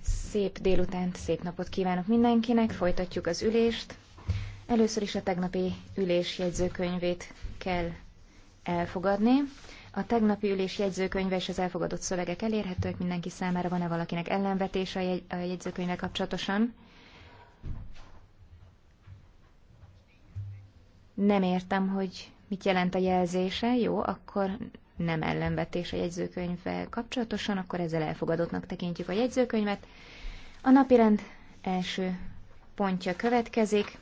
Szép délutánt, szép napot kívánok mindenkinek, folytatjuk az ülést. Először is a tegnapi ülés jegyzőkönyvét kell elfogadni. A tegnapi ülés jegyzőkönyve és az elfogadott szövegek elérhetőek mindenki számára. Van-e valakinek ellenvetése a, jegy- a jegyzőkönyve kapcsolatosan? Nem értem, hogy mit jelent a jelzése. Jó, akkor nem ellenvetés a jegyzőkönyvvel kapcsolatosan, akkor ezzel elfogadottnak tekintjük a jegyzőkönyvet. A napirend első pontja következik.